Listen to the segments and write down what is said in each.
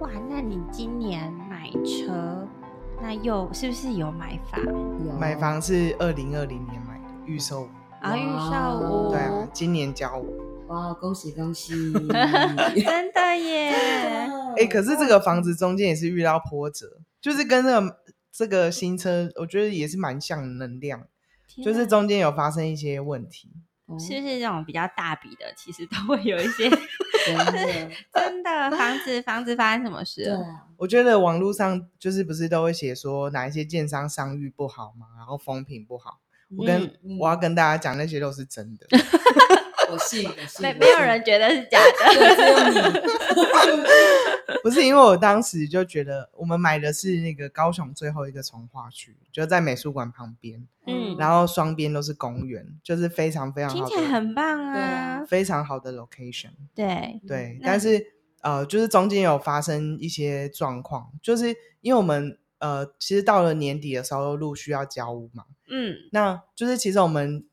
哇，那你今年買車，那又是不是有買房？有買房是二零二零年買的，預售屋啊，預、啊、售屋、哦。對啊，今年交屋。哇，恭喜恭喜！ 真的耶！哎、 欸，可是這個房子中間也是遇到波折，就是跟那、這個哇這個新車，我覺得也是蠻像能量，就是中間有發生一些問題。嗯、是不是這種比較大筆的，其實都會有一些 真的，耶 真的。房子房子，房子發生什麼事了對？我覺得網絡上就是不是都會寫說哪一些建商商譽不好嘛，然後風評不好。我跟、嗯、我要跟大家講，那些都是真的。嗯 不是，沒沒有人覺得是假的。 不是因為我當時就覺得我們買的是那個高雄最後一個重劃區，就在美術館旁邊，嗯，然後雙邊都是公園，就是非常非常好，聽起來很棒啊，嗯，非常好的 location，對對。對嗯，但是那、呃，就是中間有發生一些狀況，就是因為我們呃，其實到了年底的時候陸續要交屋嘛，嗯，那就是其實我們。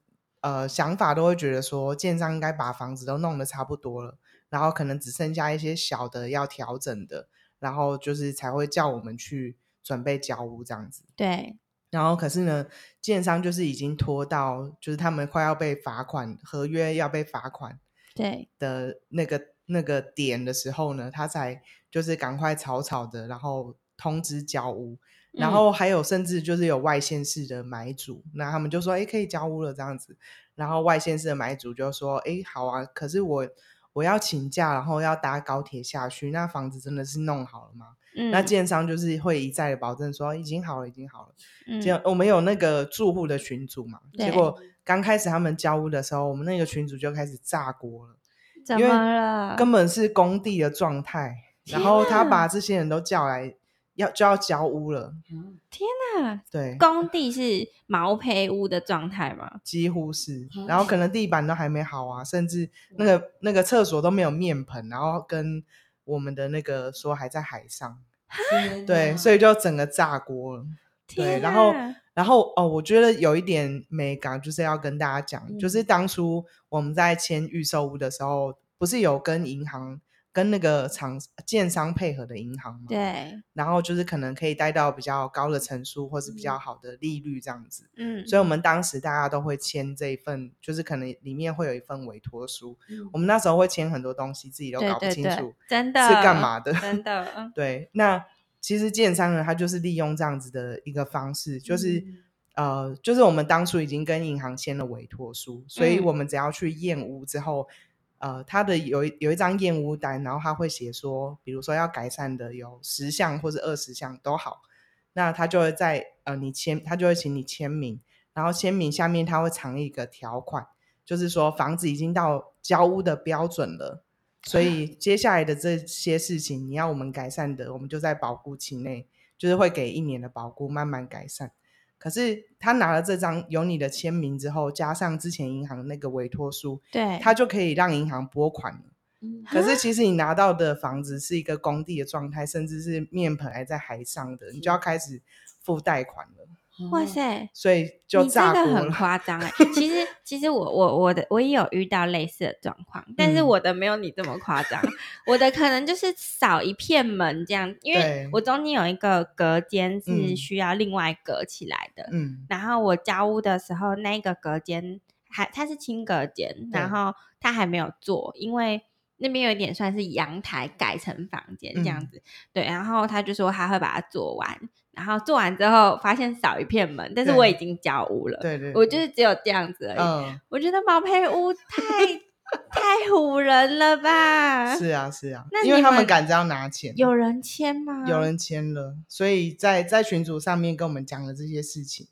呃，想法都會覺得說，建商應該把房子都弄得差不多了，然後可能只剩下一些小的要調整的，然後就是才會叫我們去準備交屋這樣子。對。然後，可是呢，建商就是已經拖到，就是他們快要被罰款，合約要被罰款，對的那個對那個點的時候呢，他才就是趕快草草的，然後通知交屋。然後還有，甚至就是有外縣市的買主，嗯、那他們就說：“誒、欸、可以交屋了。”這樣子，然後外縣市的買主就說：“哎、欸，好啊，可是我我要請假，然後要搭高鐵下去，那房子真的是弄好了嗎？”嗯、那建商就是會一再的保證說：“已經好了，已經好了。嗯”這樣我們有那個住戶的群組嘛？對結果剛開始他們交屋的時候，我們那個群組就開始炸鍋了。怎麼了？因為根本是工地的狀態，哪然後他把這些人都叫來。要就要交屋了，天啊，對，工地是毛坯屋的狀態嘛，幾乎是，然後可能地板都還沒好啊，嗯、甚至那個、嗯、那個廁所都沒有面盆，然後跟我們的那個說還在海上，哈對，天哪所以就整個炸鍋了。天哪對，然後然後哦，我覺得有一點美感就是要跟大家講，嗯、就是當初我們在簽預售屋的時候，不是有跟銀行。跟那個廠建商配合的銀行嘛，對，然後就是可能可以貸到比較高的成數，或是比較好的利率這樣子。嗯，所以我們當時大家都會簽這一份，就是可能裡面會有一份委托書。嗯、我們那時候會簽很多東西，自己都搞不清楚，真的，是幹嘛的？對對對真的， 真的對。那其實建商呢，他就是利用這樣子的一個方式，就是、嗯、呃，就是我們當初已經跟銀行簽了委托書，所以我們只要去驗屋之後。嗯呃，他的有一有一張驗屋單，然後他會寫說，比如說要改善的有十項或者二十項都好，那他就會在呃你簽，他就會請你簽名，然後簽名下面他會藏一個條款，就是說房子已經到交屋的標準了，所以接下來的這些事情你要我們改善的，我們就在保固期內，就是會給一年的保固，慢慢改善。可是他拿了這張有你的簽名之後，加上之前銀行的那個委託書，對，他就可以讓銀行撥款了。嗯，可是其實你拿到的房子是一個工地的狀態，甚至是面盆還在海上的，是你就要開始付貸款了。哇塞！所以就真的很誇張哎、欸。 其實，其實我我我的我也有遇到類似的狀況，但是我的沒有你這麼誇張。嗯、我的可能就是少一片門這樣，因為我中間有一個隔間是需要另外隔起來的。嗯，然後我交屋的時候，那個隔間還它是輕隔間，然後它還沒有做，因為那邊有一點算是陽台改成房間這樣子。嗯、對，然後他就說他會把它做完。然後做完之後，發現少一片門，但是我已經交屋了對。對對，對，我就是只有這樣子而已。嗯、我覺得毛坯屋太 太唬人了吧？是啊，是啊，那因為他們趕著要拿錢。有人簽嗎？有人簽了，所以在在群組上面跟我們講了這些事情。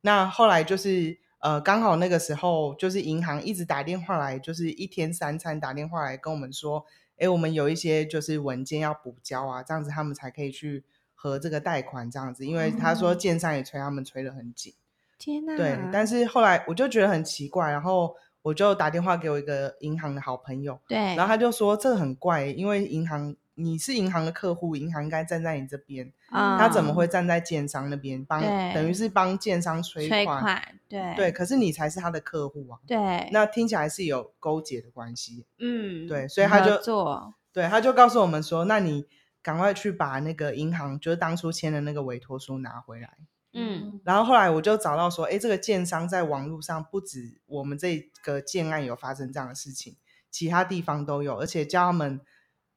那後來就是呃，剛好那個時候就是銀行一直打電話來，就是一天三餐打電話來跟我們說，哎，我們有一些就是文件要補交啊，這樣子他們才可以去。和這個貸款這樣子，因為他說建商也催、嗯、他們催得很緊。天吶、啊，對，但是後來我就覺得很奇怪，然後我就打電話給我一個銀行的好朋友，對，然後他就說這很怪，因為銀行你是銀行的客戶，銀行應該站在你這邊，嗯、他怎麼會站在建商那邊幫？對等於是幫建商催款、催款，對對，可是你才是他的客戶啊，對，那聽起來是有勾結的關係，嗯，對，所以他就做，作對，他就告訴我們說，那你。趕快去把那個銀行，就是當初簽的那個委托書拿回來。嗯，然後後來我就找到說，哎，這個建商在網絡上不止我們這個建案有發生這樣的事情，其他地方都有，而且叫他們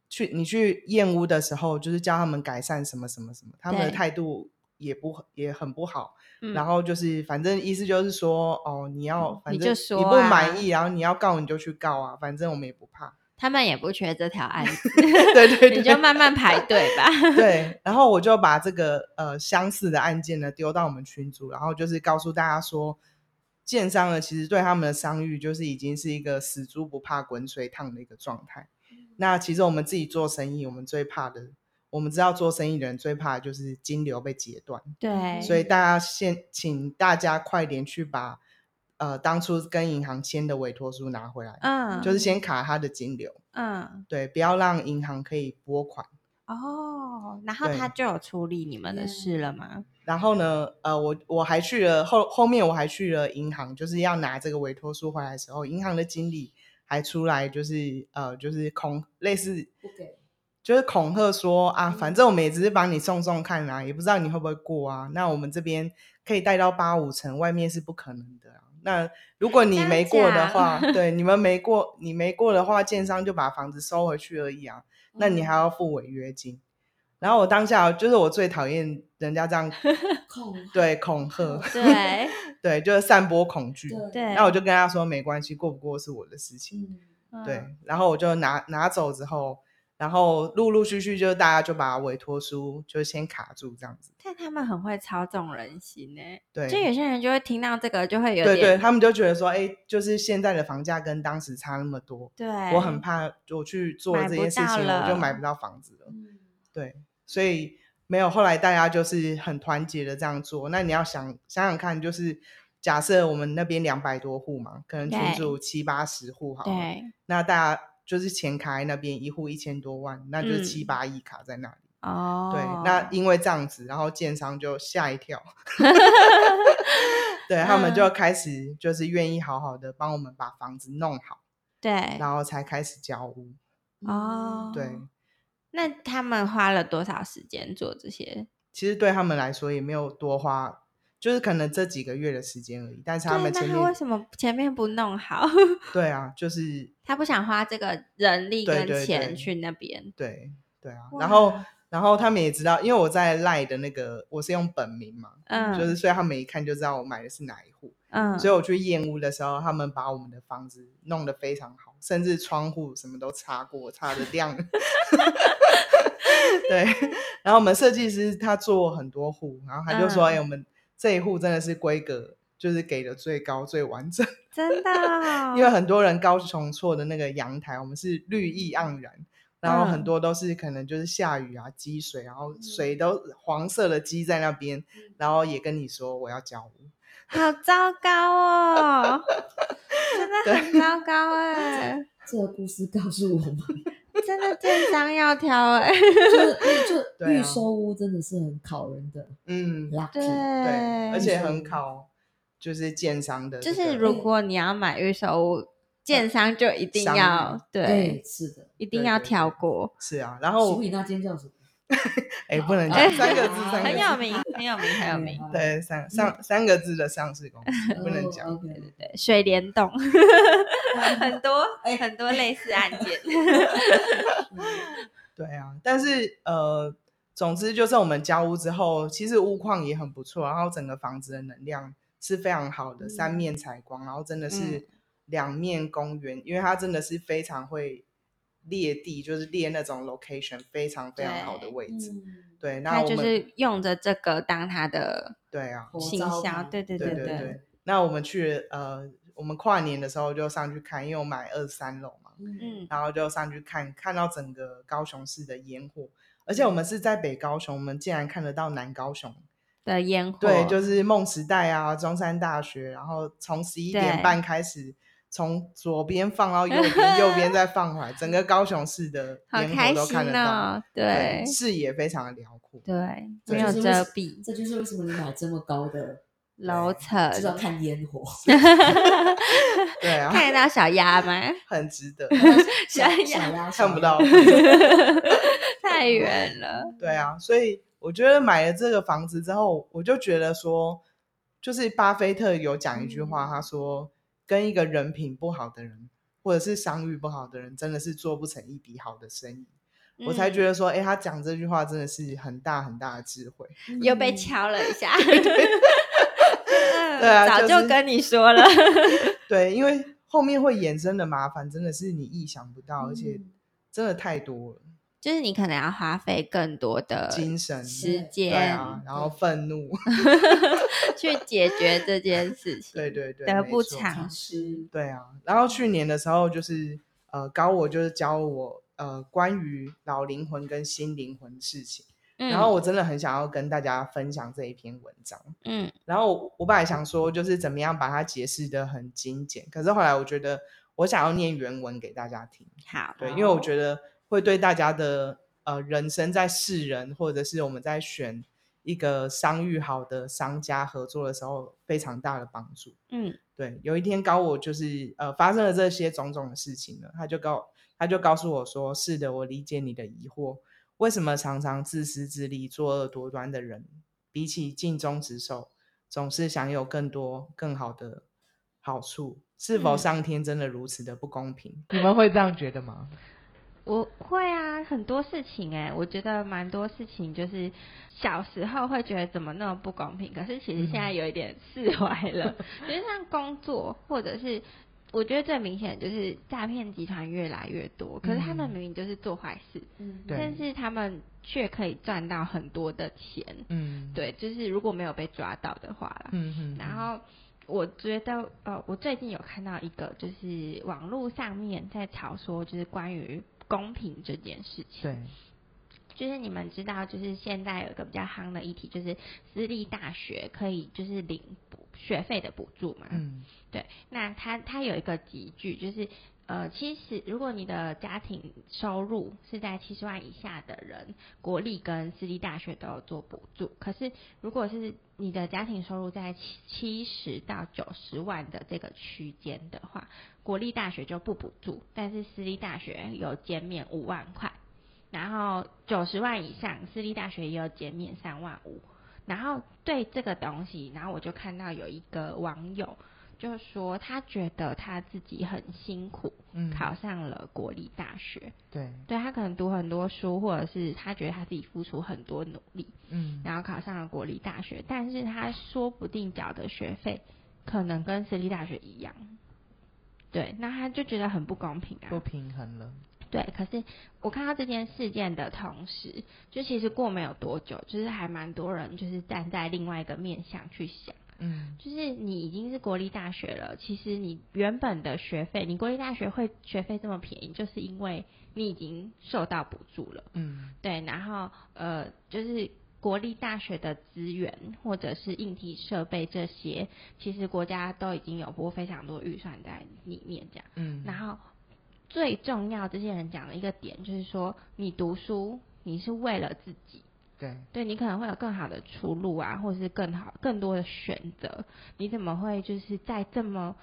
去，你去驗屋的時候，就是叫他們改善什麼什麼什麼，對他們的態度也不也很不好。嗯、然後就是反正意思就是說，哦，你要反正你不滿意，啊、然後你要告你就去告啊，反正我們也不怕。他們也不缺這條案子。 對對，對 你就慢慢排隊吧對。對，然後我就把這個呃相似的案件呢丟到我們群組，然後就是告訴大家說，建商呢其實對他們的商譽就是已經是一個死豬不怕滾水燙的一個狀態。嗯、那其實我們自己做生意，我們最怕的，我們知道做生意的人最怕的就是金流被截斷。對、嗯，所以大家先，請大家快點去把，呃，當初跟銀行簽的委託書拿回來，嗯，就是先卡他的金流，嗯，對，不要讓銀行可以撥款。哦，然後他就有處理你們的事了嗎、嗯？然後呢，呃，我我還去了後後面我還去了銀行，就是要拿這個委託書回來的時候，銀行的經理還出來就是呃就是恐類似，就是恐嚇說啊，反正我們也只是幫你送送看啊，也不知道你會不會過啊，那我們這邊可以貸到八五成，外面是不可能的、啊。那如果你沒過的話，這樣講。 對你們沒過，你沒過的話，建商就把房子收回去而已啊。那你還要付違約金。嗯、然後我當下就是我最討厭人家這樣恐對恐嚇，對嚇對， 對，就是散播恐懼。對，那我就跟他說沒關係，過不過是我的事情。嗯、對，然後我就拿拿走之後。然後陸陸續續，就大家就把委託書就先卡住這樣子。但他們很會操縱人心呢。對，就有些人就會聽到這個，就會有對對，他們就覺得說，哎，就是現在的房價跟當時差那麼多，對，我很怕我去做這些事情，我就買不到房子了。嗯，對，所以沒有後來大家就是很團結的這樣做。那你要想想想看，就是假設我們那邊兩百多戶嘛，可能群組七八十戶好，對，那大家。就是錢卡在那邊一戶一千多萬，那就是七八億卡在那裡。哦、嗯，oh. 對，那因為這樣子，然後建商就嚇一跳， 對， 嗯、他們就開始就是願意好好的幫我們把房子弄好，對，然後才開始交屋。哦，oh. 對，那他們花了多少時間做這些？其實對他們來說也沒有多花。就是可能這幾個月的時間而已，但是他們前面，他為什麼前面不弄好？ 對啊，就是他不想花這個人力跟錢，對對對，去那邊。對對啊，哇然後然後他們也知道，因為我在賴的那個，我是用本名嘛，嗯，就是所以他們一看就知道我買的是哪一戶。嗯，所以我去驗屋的時候，他們把我們的房子弄得非常好，甚至窗戶什麼都擦過，擦的亮。對，然後我們設計師他做很多戶，然後他就說：“哎、嗯欸，我們。”這一戶真的是規格，就是給的最高最完整，真的、哦。因為很多人高雄厝的那個陽台，我們是綠意盎然，然後很多都是可能就是下雨啊積水，然後水都黃色的積在那邊，嗯、然後也跟你說我要交。好糟糕哦， 真的很糟糕哎。這個故事告訴我們。 真的建商要挑哎、欸，就是就預售、啊、屋，真的是很考人的，嗯，對，對，而且很考，就是建商的、這個，就是如果你要買預售屋，嗯、建商就一定要品對，對是的，一定要挑過，是啊，然後。那間叫什麼？哎、 欸，不能講、啊、三個字，很有名，很有名，很有名。嗯、對，三、三三個字的上市公司、哦，不能講。對對對，水簾洞 很多，哎、很多類似案件。 對啊，但是呃，總之就是我們交屋之後，其實屋況也很不錯，然後整個房子的能量是非常好的，嗯、三面採光，然後真的是兩面公園，嗯、因為它真的是非常會。列地就是列那種 location 非常非常好的位置，對，然後對、嗯、我們就是用着這個當他的對啊，行銷，對對對對對，對對對。那我們去呃，我們跨年的時候就上去看，因為我買二三樓嘛，嗯，嗯，然後就上去看，看到整個高雄市的煙火，而且我們是在北高雄，我們竟然看得到南高雄的煙火，對，就是夢時代啊，中山大學，然後從十一點半開始。從左邊放到右邊，右邊再放回來，整個高雄市的煙火都看得到。對，視野非常的遼闊。對，沒有遮蔽。這就是為什麼這就是為什麼你買這麼高的樓層，就要看煙火。對啊，看得到小鴨嗎？很值得。小鴨小鴨看不到，太遠了。對啊，所以我覺得買了這個房子之後，我就覺得說，就是巴菲特有講一句話，他說。跟一個人品不好的人，或者是商譽不好的人，真的是做不成一筆好的生意。嗯、我才覺得說，哎、欸，他講這句話真的是很大很大的智慧。又被敲了一下。 對，對， 對啊，早就跟你說了、 就是。對，因為後面會衍生的麻煩真的是你意想不到，嗯、而且真的太多了。就是你可能要花費更多的精神、時間、嗯啊，然後憤怒 去解決這件事情，對對對，得不償失，對啊。然後去年的時候，就是呃，高我就是教我呃關於老靈魂跟新靈魂的事情，嗯、然後我真的很想要跟大家分享這一篇文章，嗯。然後我本來想說，就是怎麼樣把它解釋得很精簡，可是後來我覺得我想要念原文給大家聽，好、哦，對，因為我覺得。會對大家的呃人生，在識人，或者是我們在選一個商譽好的商家合作的時候，非常大的幫助。嗯，對。有一天高我就是呃發生了這些種種的事情了，他就告他就告訴我說：“是的，我理解你的疑惑。為什麼常常自私自利、作惡多端的人，比起盡忠職守，總是享有更多更好的好處？是否上天真的如此的不公平？嗯、 你們會這樣覺得嗎？”我會啊，很多事情哎、欸，我覺得蠻多事情就是小時候會覺得怎麼那麼不公平，可是其實現在有一點釋懷了。其實、嗯、哼 像工作或者是，我覺得最明顯的就是詐騙集團越來越多，可是他們明明就是做壞事，嗯哼，對，但是他們卻可以賺到很多的錢，嗯哼，對，就是如果沒有被抓到的話了，嗯哼,哼，然後我覺得呃，我最近有看到一個就是網絡上面在吵說，就是關於。公平這件事情，對，就是你們知道，就是現在有一個比較夯的議題，就是私立大學可以就是領補學費的補助嘛，嗯，對，那它它有一個集聚，就是。呃，其實如果你的家庭收入是在七十萬以下的人，國立跟私立大學都有做補助。可是如果是你的家庭收入在七七十到九十萬的這個區間的話，國立大學就不補助，但是私立大學有減免五萬塊。然後九十萬以上，私立大學也有減免三萬五。然後對這個東西，然後我就看到有一個網友。就說他覺得他自己很辛苦，嗯，考上了國立大學。對，對他可能讀很多書，或者是他覺得他自己付出很多努力，嗯，然後考上了國立大學，但是他說不定繳的學費可能跟私立大學一樣。對，那他就覺得很不公平啊，不平衡了。對，可是我看到這件事件的同時，就其實過沒有多久，就是還蠻多人就是站在另外一個面向去想。嗯，就是你已經是國立大學了，其實你原本的學費，你國立大學會學費這麼便宜，就是因為你已經受到補助了。嗯，對，然後呃，就是國立大學的資源或者是硬體設備這些，其實國家都已經有撥非常多預算在裡面，這樣。嗯，然後最重要，這些人講的一個點就是說，你讀書你是為了自己。對對，你可能會有更好的出路啊，或者是更好、更多的選擇。你怎麼會就是在這麼，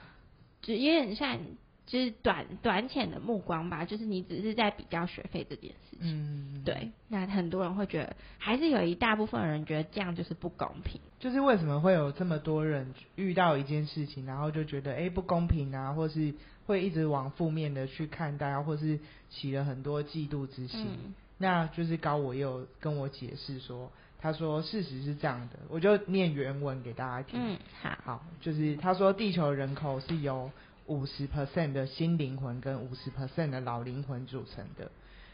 就有點像就是短短淺的目光吧？就是你只是在比較學費這件事情。嗯。對，那很多人會覺得，還是有一大部分人覺得這樣就是不公平。就是為什麼會有這麼多人遇到一件事情，然後就覺得哎、欸，不公平啊，或是會一直往負面的去看待，或是起了很多嫉妒之心。嗯那就是高我又跟我解釋說，他說事實是這樣的，我就念原文給大家聽。嗯，好，好，就是他說地球人口是由五十 percent 的新靈魂跟五十 percent 的老靈魂組成的。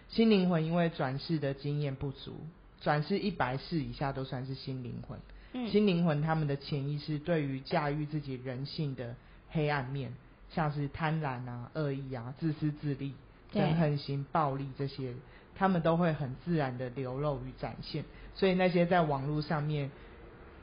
新靈魂因為轉世的經驗不足，轉世一百世以下都算是新靈魂。嗯，新靈魂他們的潛意識對於駕馭自己人性的黑暗面，像是貪婪啊、惡意啊、自私自利、憎恨心、對暴力這些。他們都會很自然的流露與展現，所以那些在網絡上面，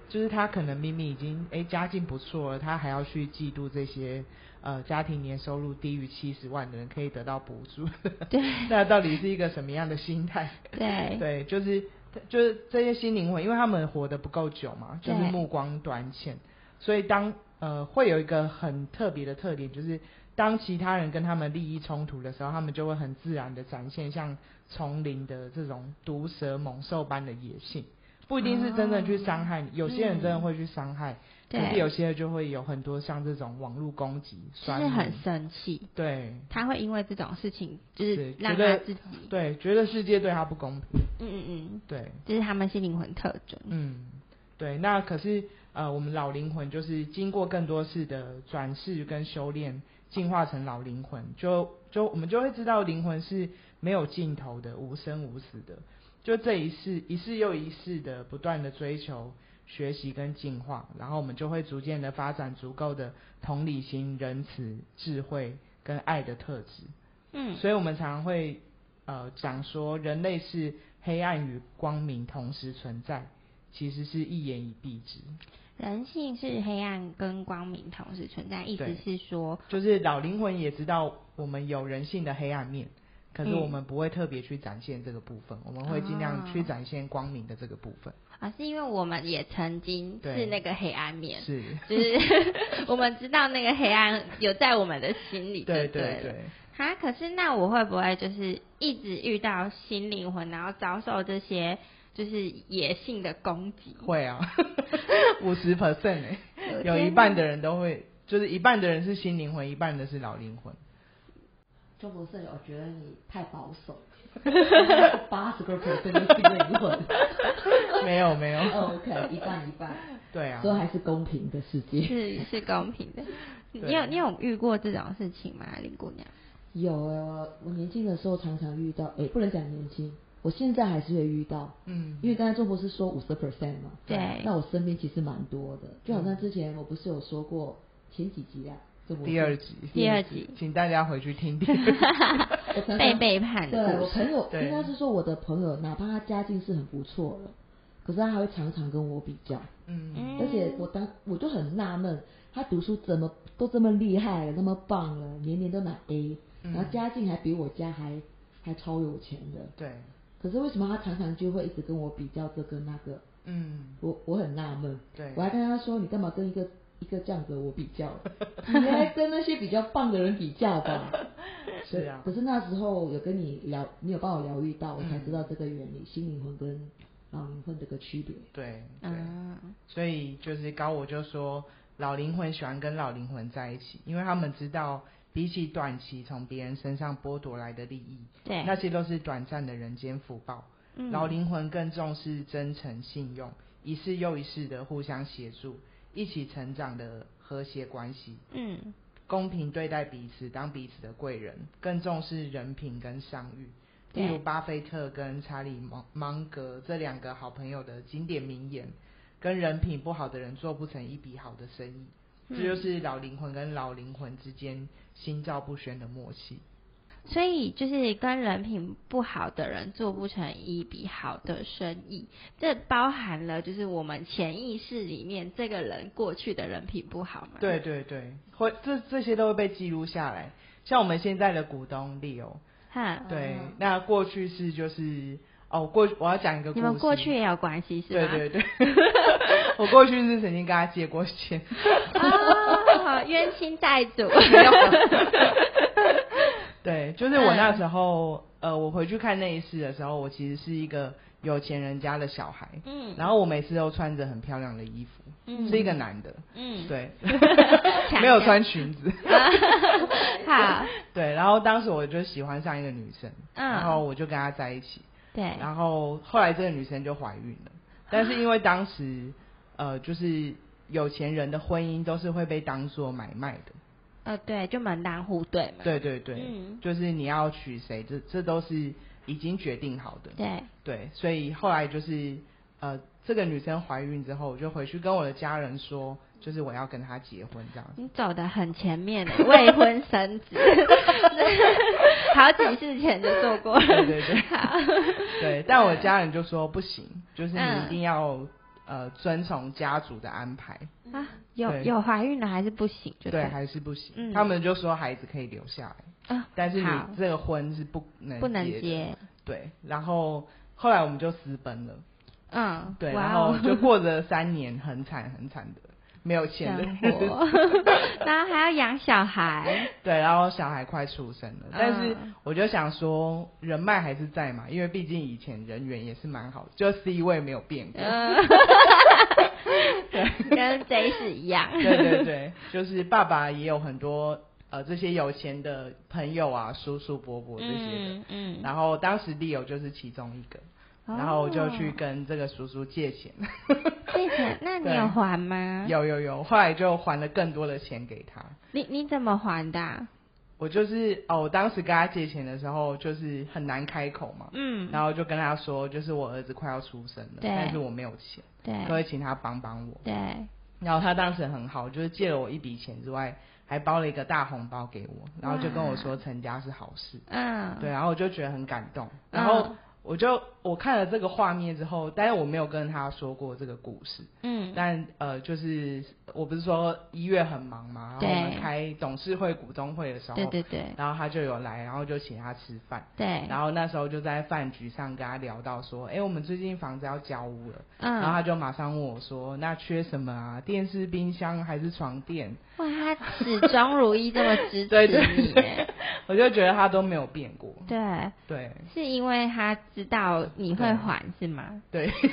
就是他可能明明已經哎、欸、家境不錯了，他還要去嫉妒這些呃家庭年收入低於七十萬的人可以得到補助，對， 那到底是一個什麼樣的心態？對，對，就是就是這些新靈魂，因為他們活得不夠久嘛，就是目光短淺，所以當呃會有一個很特別的特點，就是。當其他人跟他們利益衝突的時候，他們就會很自然的展現像叢林的這種毒蛇猛獸般的野性，不一定是真的去傷害你，有些人真的會去傷害，嗯、可是有些人就會有很多像這種網絡攻擊，是很生氣，對，他會因為這種事情，就是讓他自己對，覺得，對覺得世界對他不公平，嗯嗯嗯，對，這是他們新靈魂特徵，嗯，對，那可是呃，我們老靈魂就是經過更多次的轉世跟修煉。進化成老靈魂，就就我們就會知道靈魂是沒有盡頭的，無生無死的。就這一世，一世又一世的不斷的追求、學習跟進化，然後我們就會逐漸的發展足夠的同理心、仁慈、智慧跟愛的特質。嗯，所以我們常常會呃講說，人類是黑暗與光明同時存在，其實是一言以蔽之。人性是黑暗跟光明同時存在，對意思是說，就是老靈魂也知道我們有人性的黑暗面，可是我們不會特別去展現這個部分，嗯、我們會儘量去展現光明的這個部分、哦。啊，是因為我們也曾經是那個黑暗面，是對就是 我們知道那個黑暗有在我們的心裡對，對對對。哈，可是那我會不會就是一直遇到新靈魂，然後遭受這些？就是野性的攻擊，會啊，五十 percent 哎，有一半的人都會，就是一半的人是新靈魂，一半的是老靈魂。鍾博士，我覺得你太保守，八十 percent 是新靈魂 沒，沒有沒有，OK， 一半一半，對啊，所以還是公平的世界，是是公平的。你有 你有遇過這種事情嗎，林姑娘？有啊，我年輕的時候常常遇到，哎、欸，不能講年輕。我現在還是會遇到，嗯，因為剛才鍾博士說五十 percent 嘛、嗯，對，那我身邊其實蠻多的，就好像之前我不是有說過前幾集啊，這不第二集，第二集，第二集請大家回去聽聽。 被背叛 對我朋友應該對是說我的朋友，對哪怕他家境是很不錯的，可是他還會常常跟我比較，嗯，而且我當我就很納悶，他讀書怎麼都這麼厲害了，那麼棒了，年年都拿 A、嗯、然後家境還比我家還還超有錢的，對。可是為什麼他常常就會一直跟我比較這個那個？嗯，我我很納悶。對，我還跟他說，你幹嘛跟一個一個這樣子我比較？ 你應該跟那些比較棒的人比較吧。 是啊對。可是那時候有跟你聊，你有幫我療癒到，我才知道這個原理，新靈魂，嗯、跟老靈魂這個區別。對對。啊、所以就是高，我就說老靈魂喜歡跟老靈魂在一起，因為他們知道。比起短期從別人身上剝奪來的利益，對那些都是短暫的人間福報。老靈魂更重視真誠信用，一世又一世的互相協助，一起成長的和諧關係。嗯，公平對待彼此，當彼此的貴人，更重視人品跟商譽。對例如巴菲特跟查理芒芒格這兩個好朋友的經典名言：跟人品不好的人做不成一筆好的生意。嗯、這就是老靈魂跟老靈魂之間心照不宣的默契，所以就是跟人品不好的人做不成一筆好的生意，這包含了就是我們潛意識裡面這個人過去的人品不好嘛。對對對，或這這些都會被記錄下來。像我們現在的股東 Leo，哈，對，嗯、那過去是就是哦，我過我要講一個故事，你們過去也有關係是吧？對對對。 我過去是曾經跟他借過錢哦，冤親債主。對，就是我那時候，呃，我回去看那一世的時候，我其實是一個有錢人家的小孩，嗯，然後我每次都穿着很漂亮的衣服，嗯，是一個男的，嗯，對，沒有穿裙子。好，對，然後當時我就喜歡上一個女生，嗯，然後我就跟她在一起，對，然後後來這個女生就懷孕了，但是因為當時。呃，就是有錢人的婚姻都是會被當做買賣的，呃、哦，對，就門當戶對嘛。對對對，嗯、就是你要娶誰，這這都是已經決定好的。對對，所以後來就是呃，這個女生懷孕之後，我就回去跟我的家人說，就是我要跟她結婚這樣。你走得很前面，未婚生子， 好幾次前就做過，對對對，好對。對，但我的家人就說不行，就是你一定要、嗯。呃，遵從家族的安排啊，有對有懷孕了還是不行？對，還是不行。嗯、他們就說孩子可以留下來啊，嗯、但是這個婚是不能不能結。對，然後後來我們就私奔了。嗯，對，然後就過了三年，嗯、很慘很慘的。沒有錢的，活想過， 然後還要養小孩。 對，然後小孩快出生了，但是我就想說，人脈還是在嘛，因為畢竟以前人緣也是蠻好的，就 C 位沒有變過。跟賊是一樣。對對對，就是爸爸也有很多呃這些有錢的朋友啊，叔叔伯伯這些的嗯，嗯，然後當時 Leo 就是其中一個。然後我就去跟這個叔叔借錢、哦，借錢 對？那你有還嗎？有有有，後來就還了更多的錢給他。你你怎麼還的？我就是哦，我當時跟他借錢的時候就是很難開口嘛，嗯，然後就跟他說，就是我兒子快要出生了，對但是我沒有錢，對，可以請他幫幫我，對。然後他當時很好，就是借了我一筆錢之外，還包了一個大紅包給我，然後就跟我說成家是好事，嗯，對，然後我就覺得很感動，然後。嗯我就我看了這個畫面之後，但是我沒有跟他說過這個故事。嗯。但呃，就是我不是說一月很忙嘛，對然後我們開董事會、股東會的時候，對對對。然後他就有來，然後就請他吃飯。對。然後那時候就在飯局上跟他聊到說：“哎對、欸，我們最近房子要交屋了。”嗯。然後他就馬上問我說：“那缺什麼啊？電視、冰箱還是床墊？”哇，他始終如一這麼執着。 對對對。我就覺得他都沒有變過。對對。對是因為他。知道你會還、啊、是嗎對？對，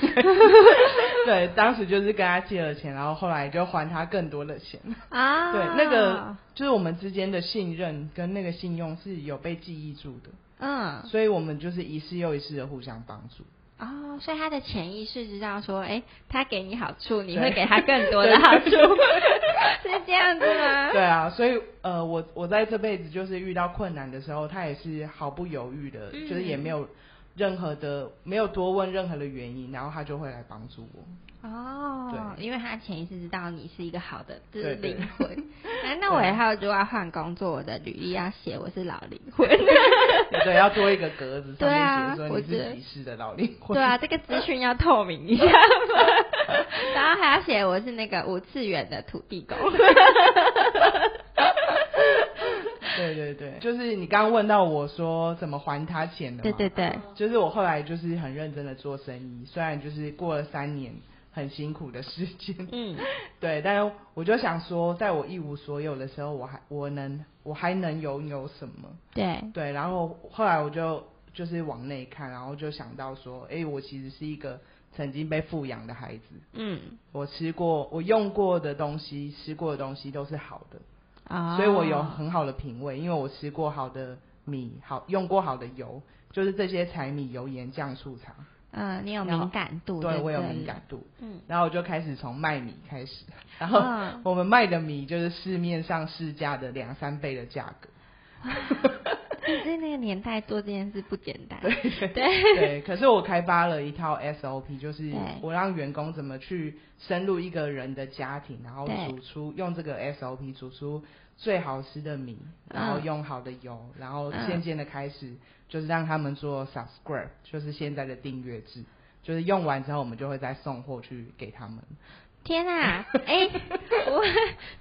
對，當時就是跟他借了錢，然後後來就還他更多的錢啊。Oh. 對，那個就是我們之間的信任跟那個信用是有被記憶住的。嗯，oh. 所以我們就是一次又一次的互相幫助。哦，oh, 所以他的潛意識知道說，哎、欸，他給你好處，你會給他更多的好處，對，是這樣子嗎？對啊，所以呃，我我在這輩子就是遇到困難的時候，他也是毫不猶豫的，嗯、就是也沒有。任何的，沒有多問任何的原因，然後他就會來幫助我。哦，對，因為他潛意識知道你是一個好的、就是、靈魂。對對，哎，那我以後如果要換工作，我的履歷要寫我是老靈魂。對 對。對，要做一個格子上面寫、啊、說你是離世的老靈魂。知 對啊，這個資訊要透明一下。 然後還要寫我是那個五次元的土地公。 對對對，就是你剛剛問到我說，怎麼還他錢的嘛？對對對，就是我後來就是很認真的做生意，雖然就是過了三年很辛苦的時間，嗯，對，但是我就想說，在我一無所有的時候，我還我能，我還我能我還能擁有什麼？對對，然後後來我就就是往內看，然後就想到說，哎，我其實是一個曾經被富養的孩子，嗯，我吃過我用過的東西，吃過的東西都是好的。啊，oh, 所以我有很好的品味，因為我吃過好的米，好用過好的油，就是這些柴米油鹽醬醋茶。嗯、呃，你有敏感度，後感度對，對，對，我有敏感度。嗯，然後我就開始從賣米開始，然後我們賣的米就是市面上市價的兩三倍的價格。Oh. 就是那個年代做這件事不簡單，對對對。可是我開發了一套 SOP，就是我讓員工怎麼去深入一個人的家庭，然後煮出對 用這個 SOP 煮出最好吃的米，然後用好的油，嗯、然後漸漸的開始就是讓他們做 subscribe，就是現在的訂閱制，就是用完之後我們就會再送貨去給他們。天吶、啊！哎、欸，我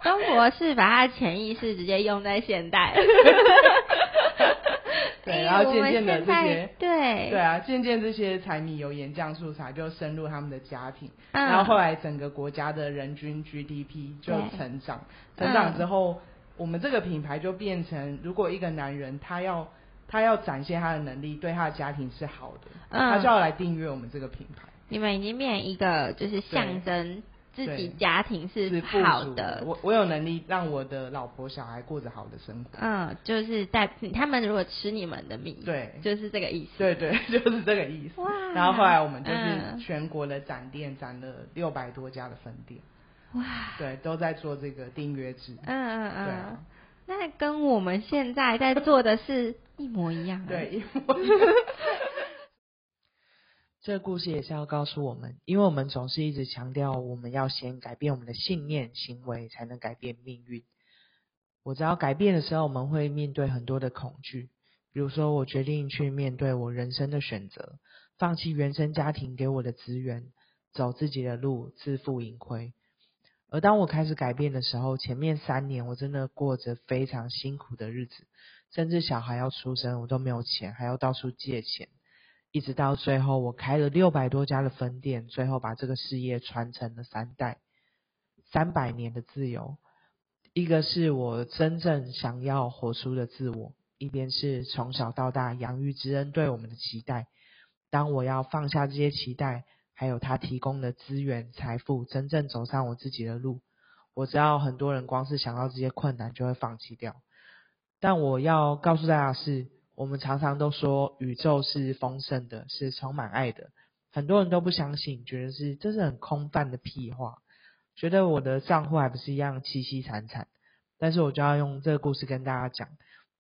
鍾博士把他的潛意識直接用在現代， 對，然後漸漸的這些，對對啊，漸漸這些柴米油鹽醬醋茶就深入他們的家庭，嗯、然後後來整個國家的人均 GDP 就成長，對成長之後，嗯、我們這個品牌就變成，如果一個男人他要他要展現他的能力，對他的家庭是好的，嗯、他就要來訂閱我們這個品牌。你們已經變成一個就是象徵。自己家庭是不好的，不我我有能力讓我的老婆小孩過着好的生活。嗯，就是在他們如果吃你們的米，對，就是這個意思。對，對對，就是這個意思。哇！然後後來我們就是全國的展店，展了六百多家的分店。哇！對，都在做這個訂閱制。嗯嗯嗯。嗯嗯對啊。那跟我們現在在做的是一模一樣，對一模一樣。 這個故事也是要告訴我們，因為我們總是一直強調，我們要先改變我們的信念、行為，才能改變命運。我只要改變的時候，我們會面對很多的恐懼，比如說，我決定去面對我人生的選擇，放棄原生家庭給我的資源，走自己的路，自負盈虧。而當我開始改變的時候，前面三年我真的過着非常辛苦的日子，甚至小孩要出生，我都沒有錢，還要到處借錢。一直到最後，我開了六百多家的分店，最後把這個事業傳承了三代，三百年的自由。一個是我真正想要活出的自我，一邊是從小到大養育之恩對我們的期待。當我要放下這些期待，還有他提供的資源、財富，真正走上我自己的路，我知道很多人光是想到這些困難就會放棄掉。但我要告訴大家的是……我們常常都說宇宙是豐盛的，是充滿愛的，很多人都不相信，覺得是這是很空泛的屁話，覺得我的賬戶還不是一樣淒淒慘慘。但是我就要用這個故事跟大家講，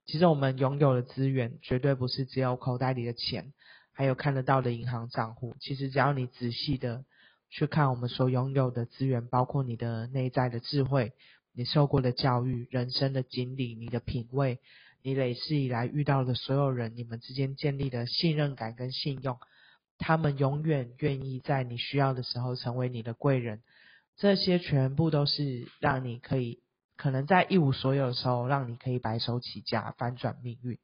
其實我們擁有的資源絕對不是只有口袋裡的錢，還有看得到的銀行賬戶。其實只要你仔細的去看我們所擁有的資源，包括你的內在的智慧，你受過的教育、人生的經歷、你的品味。你累世以來遇到的所有人，你們之間建立的信任感跟信用，他們永遠願意在你需要的時候成為你的貴人。這些全部都是讓你可以可能在一無所有的時候，讓你可以白手起家，翻轉命運。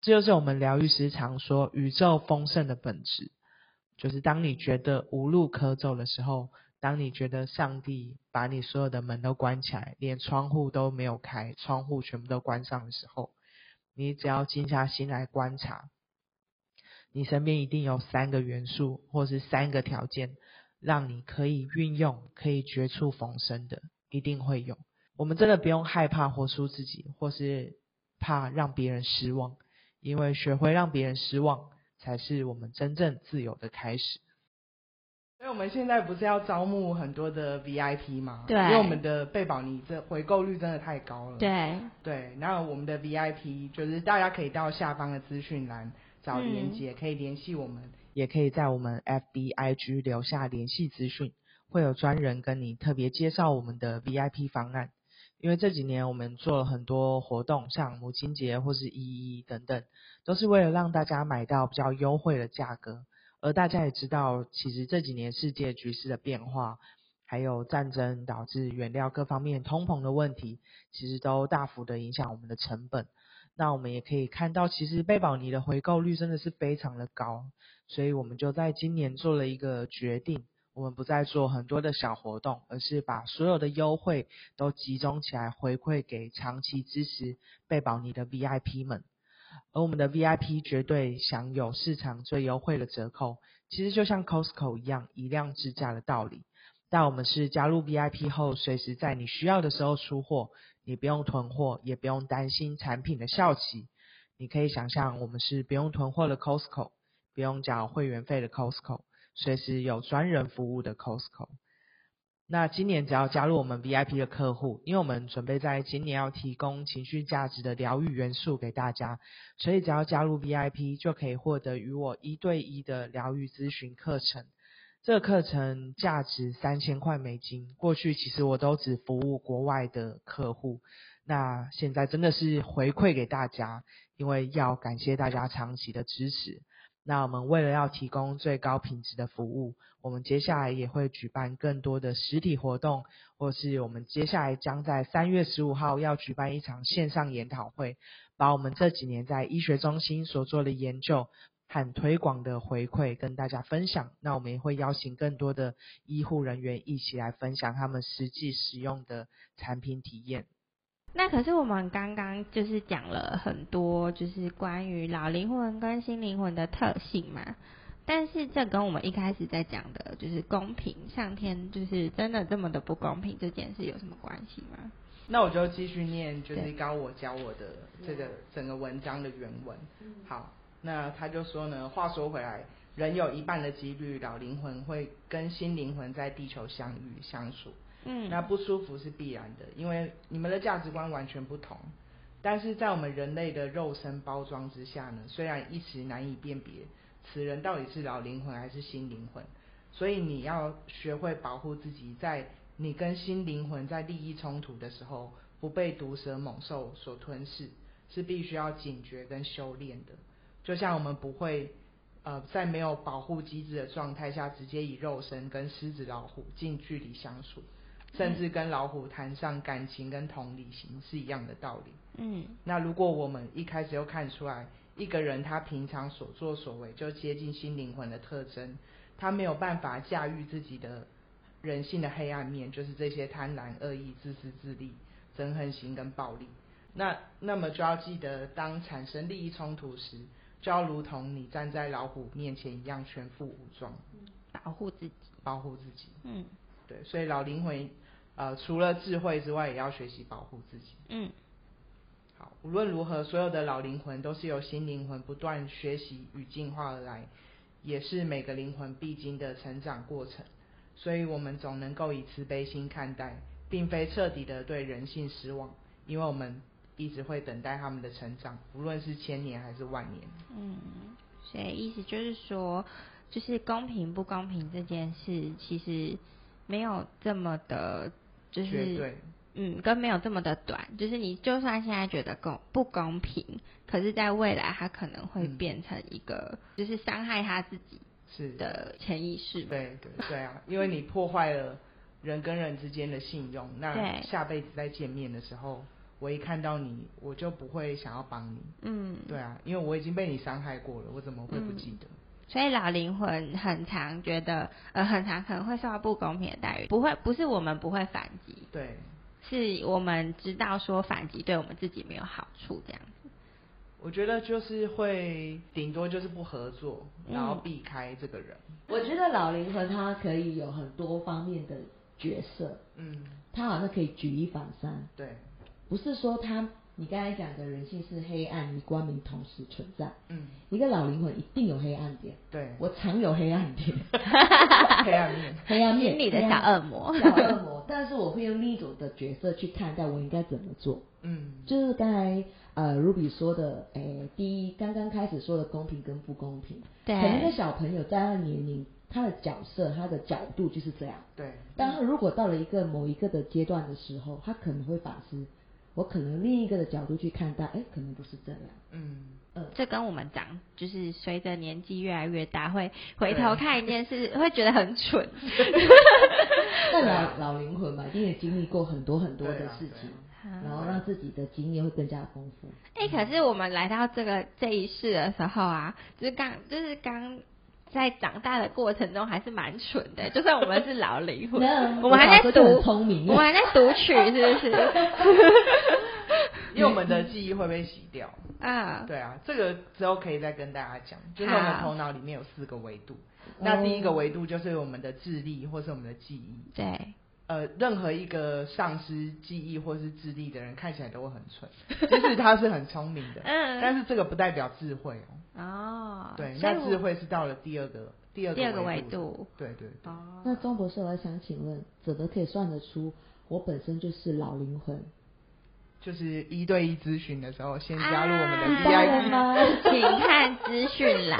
這就是我們療癒師常說宇宙豐盛的本質，就是當你覺得無路可走的時候，當你覺得上帝把你所有的門都關起來，連窗戶都沒有開，窗戶全部都關上的時候。你只要靜下心來觀察，你身邊一定有三個元素，或是三個條件，讓你可以運用，可以絕處逢生的，一定會有。我們真的不用害怕活出自己，或是怕讓別人失望，因為學會讓別人失望，才是我們真正自由的開始。所以我們現在不是要招募很多的 VIP 嘛對。因為我們的貝寶妮這回購率真的太高了。對。對，那我們的 VIP 就是大家可以到下方的資訊欄找連結，嗯、可以聯繫我們，也可以在我們 FBIG 留下聯繫資訊，會有專人跟你特別介紹我們的 VIP 方案。因為這幾年我們做了很多活動，像母親節或是一一等等，都是為了讓大家買到比較優惠的價格。而大家也知道，其實這幾年世界局勢的變化，還有戰爭導致原料各方面通膨的問題，其實都大幅的影響我們的成本。那我們也可以看到，其實貝寶妮的回購率真的是非常的高，所以我們就在今年做了一個決定，我們不再做很多的小活動，而是把所有的優惠都集中起來回饋給長期支持貝寶妮的 VIP 們。而我們的 VIP 絕對享有市場最優惠的折扣，其實就像 Costco 一樣，以量制價的道理。但我們是加入 VIP 後，隨時在你需要的時候出貨，你不用囤貨，也不用擔心產品的效期。你可以想象，我們是不用囤貨的 Costco，不用繳會員費的 Costco，隨時有專人服務的 Costco。那今年只要加入我們 VIP 的客戶，因為我們準備在今年要提供情緒價值的療癒元素給大家，所以只要加入 VIP 就可以獲得與我一對一的療癒諮詢課程。這個課程價值三千塊美金。過去其實我都只服務國外的客戶，那現在真的是回饋給大家，因為要感謝大家長期的支持。那我們為了要提供最高品質的服務，我們接下來也會舉辦更多的實體活動，或是我們接下來將在三月十五號要舉辦一場線上研討會，把我們這幾年在醫學中心所做的研究和推廣的回饋跟大家分享。那我們也會邀請更多的醫護人員一起來分享他們實際使用的產品體驗。那可是我們剛剛就是講了很多，就是關於老靈魂跟新靈魂的特性嘛。但是這跟我們一開始在講的就是公平，上天就是真的這麼的不公平這件事有什麼關係嗎？那我就繼續念，就是剛剛我教我的這個整個文章的原文。好，那他就說呢，話說回來，人有一半的幾率，老靈魂會跟新靈魂在地球相遇相處。嗯，那不舒服是必然的，因為你們的價值觀完全不同。但是在我們人類的肉身包裝之下呢，雖然一時難以辨別此人到底是老靈魂還是新靈魂，所以你要學會保護自己，在你跟新靈魂在利益衝突的時候，不被毒蛇猛獸所吞噬，是必須要警覺跟修煉的。就像我們不會呃，在沒有保護機制的狀態下，直接以肉身跟獅子老虎近距離相處。甚至跟老虎談上感情跟同理心是一樣的道理。嗯，那如果我們一開始就看出來一個人，他平常所作所為就接近新靈魂的特徵，他沒有辦法駕馭自己的人性的黑暗面，就是這些貪婪、惡意、自私自利、憎恨心跟暴力。那那麼就要記得，當產生利益衝突時，就要如同你站在老虎面前一樣，全副武裝，保護自己，保護自己。嗯。對，所以老靈魂，呃，除了智慧之外，也要學習保護自己。嗯，好，無論如何，所有的老靈魂都是由新靈魂不斷學習與進化而來，也是每個靈魂必經的成長過程。所以，我們總能夠以慈悲心看待，並非徹底的對人性失望，因為我們一直會等待他們的成長，無論是千年還是萬年。嗯，所以意思就是說，就是公平不公平這件事，其實。沒有這麼的，就是，絕對嗯，跟沒有這麼的短，就是你就算現在覺得公不公平，可是在未來他可能會變成一個，嗯、就是傷害他自己的潛意識。對對對啊，因為你破壞了人跟人之間的信用，嗯、那下輩子再見面的時候，我一看到你，我就不會想要幫你。嗯，對啊，因為我已經被你傷害過了，我怎麼會不記得？嗯所以老靈魂很常覺得，呃，很常可能會受到不公平的待遇。不會，不是我們不會反擊，對，是我們知道說反擊對我們自己沒有好處這樣。我覺得就是會頂多就是不合作，然後避開這個人。嗯，我覺得老靈魂他可以有很多方面的角色，嗯，他好像可以舉一反三，對，不是說他。你剛才講的人性是黑暗與光明同時存在，嗯，一個老靈魂一定有黑暗點，對我常有黑暗點， 黑暗面，黑暗面，裡暗的小惡魔，小惡魔， 但是我會用另一種的角色去看待，我應該怎麼做？嗯，就是剛才呃，Ruby 說的，誒、呃，第一，剛剛開始說的公平跟不公平，對，可能個小朋友在他的年齡，他的角色，他的角度就是這樣，對，嗯、但是如果到了一個某一個的階段的時候，他可能會反思。我可能另一個的角度去看待，哎，可能不是這樣。嗯，這、嗯、跟我們講就是隨着年紀越來越大，會回頭看一件事，對會覺得很蠢。那老 老靈魂嘛，一定也經歷過很多很多的事情，啊啊、然後讓自己的經驗會更加豐富。哎、嗯，可是我們來到這個這一世的時候啊，就是剛就是剛。在長大的過程中還是蠻蠢的，就算我們是老靈魂， no, 我們還在讀，我，我們還在讀取，是不是？因為我們的記憶會被洗掉啊！Oh. 對啊，這個之後可以再跟大家講，就是我們頭腦裡面有四個維度，oh. 那第一個維度就是我們的智力，或是我們的記憶。對。呃，任何一個喪失記憶或是智力的人，看起來都會很蠢，其實他是很聰明的。嗯，但是這個不代表智慧、喔、哦。對，那智慧是到了第二個、第二個、第二個維度。對,對對。哦，那鍾博士，我想請問，怎麼可以算得出我本身就是老靈魂？就是一對一諮詢的時候，先加入我們的 VIP，、啊、 請看資訊欄。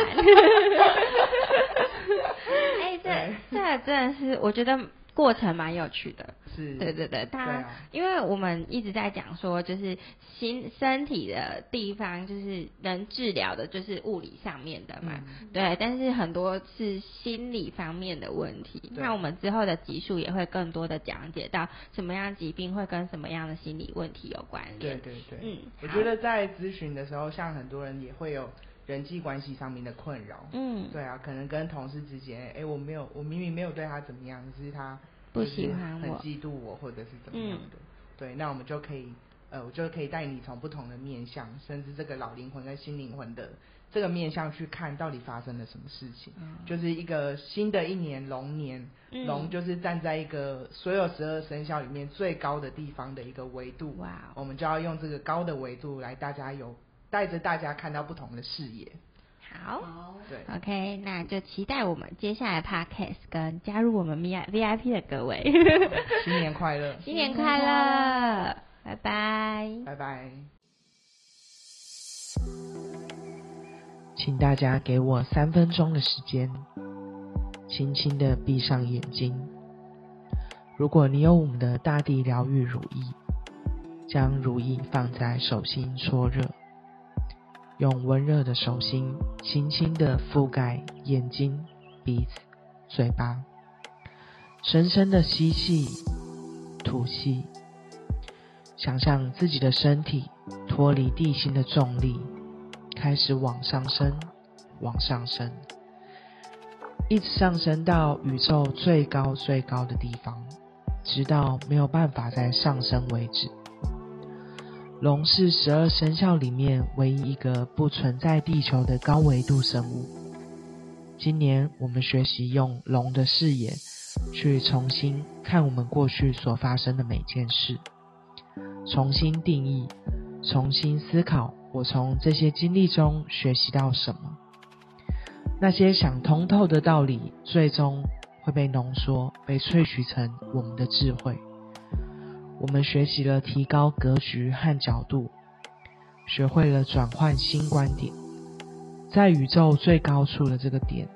哎、 欸，這這真的是，我覺得。過程蠻有趣的，是對對對，他、啊、因為我們一直在講說，就是心身體的地方，就是能治療的，就是物理上面的嘛。嗯、對，但是很多是心理方面的問題。對那我們之後的集數也會更多的講解到，什麼樣疾病會跟什麼樣的心理問題有關係。對對對，嗯，我覺得在諮詢的時候，像很多人也會有人際關係上面的困擾。嗯，對啊，可能跟同事之間，哎、欸，我沒有，我明明沒有對他怎麼樣，可是他。不喜歡我，很嫉妒我，或者是怎麼樣的？嗯、對，那我們就可以，呃，我就可以帶你從不同的面向，甚至這個老靈魂跟新靈魂的這個面向去看到底發生了什麼事情。嗯、就是一個新的一年龍年，龍就是站在一個所有十二生肖裡面最高的地方的一個維度。哇，我們就要用這個高的維度來，大家有帶着大家看到不同的視野。好，對，OK，那就期待我們接下來 Podcast 跟加入我們 VVIP 的各位， 新年快樂，新年快樂，快樂，拜拜，拜拜，請大家給我三分鐘的時間，輕輕的閉上眼睛。如果你有我們的大地療癒如意，將如意放在手心搓熱。用溫熱的手心，輕輕地覆蓋眼睛、鼻子、嘴巴，深深的吸氣、吐氣，想象自己的身體脫離地心的重力，開始往上升、往上升，一直上升到宇宙最高最高的地方，直到沒有辦法再上升為止。龍是十二生肖裡面唯一一個不存在地球的高維度生物。今年我們學習用龍的視野去重新看我們過去所發生的每件事，重新定義，重新思考。我從這些經歷中學習到什麼？那些想通透的道理，最終會被濃縮、被萃取成我們的智慧。我們學習了提高格局和角度，學會了轉換新觀點。在宇宙最高處的這個點，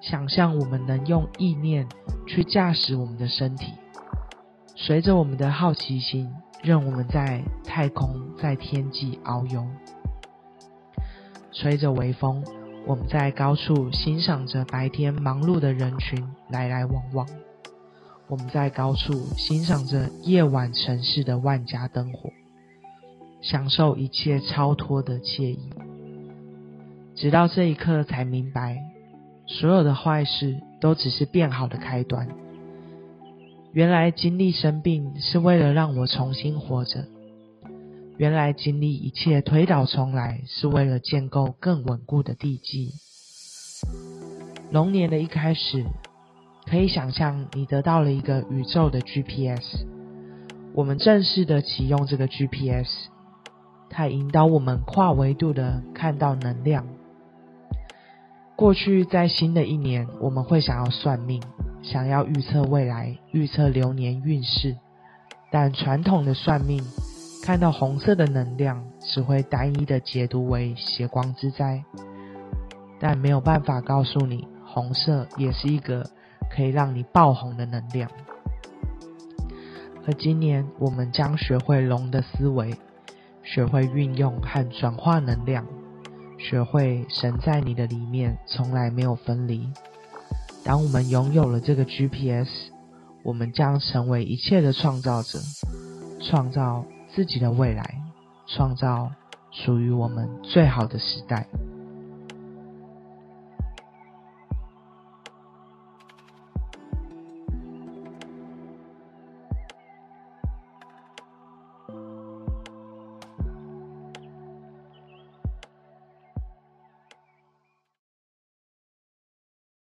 想象我們能用意念去駕駛我們的身體，隨着我們的好奇心，任我們在太空、在天際遨遊。吹着微風，我們在高處欣賞着白天忙碌的人群來來往往。我們在高處欣賞着夜晚城市的萬家燈火，享受一切超脫的愜意。直到這一刻才明白，所有的壞事都只是變好的開端。原來經歷生病是為了讓我重新活着，原來經歷一切推倒重來是為了建構更穩固的地基。龍年的一開始。可以想象，你得到了一個宇宙的 GPS。我們正式的啟用這個 GPS，它引導我們跨維度的看到能量。過去在新的一年，我們會想要算命，想要預測未來，預測流年運勢。但傳統的算命，看到紅色的能量，只會單一的解讀為血光之災，但沒有辦法告訴你，紅色也是一個。可以讓你爆紅的能量。而今年，我們將學會龍的思維，學會運用和轉化能量，學會神在你的裡面從來沒有分離。當我們擁有了這個 GPS，我們將成為一切的創造者，創造自己的未來，創造屬於我們最好的時代。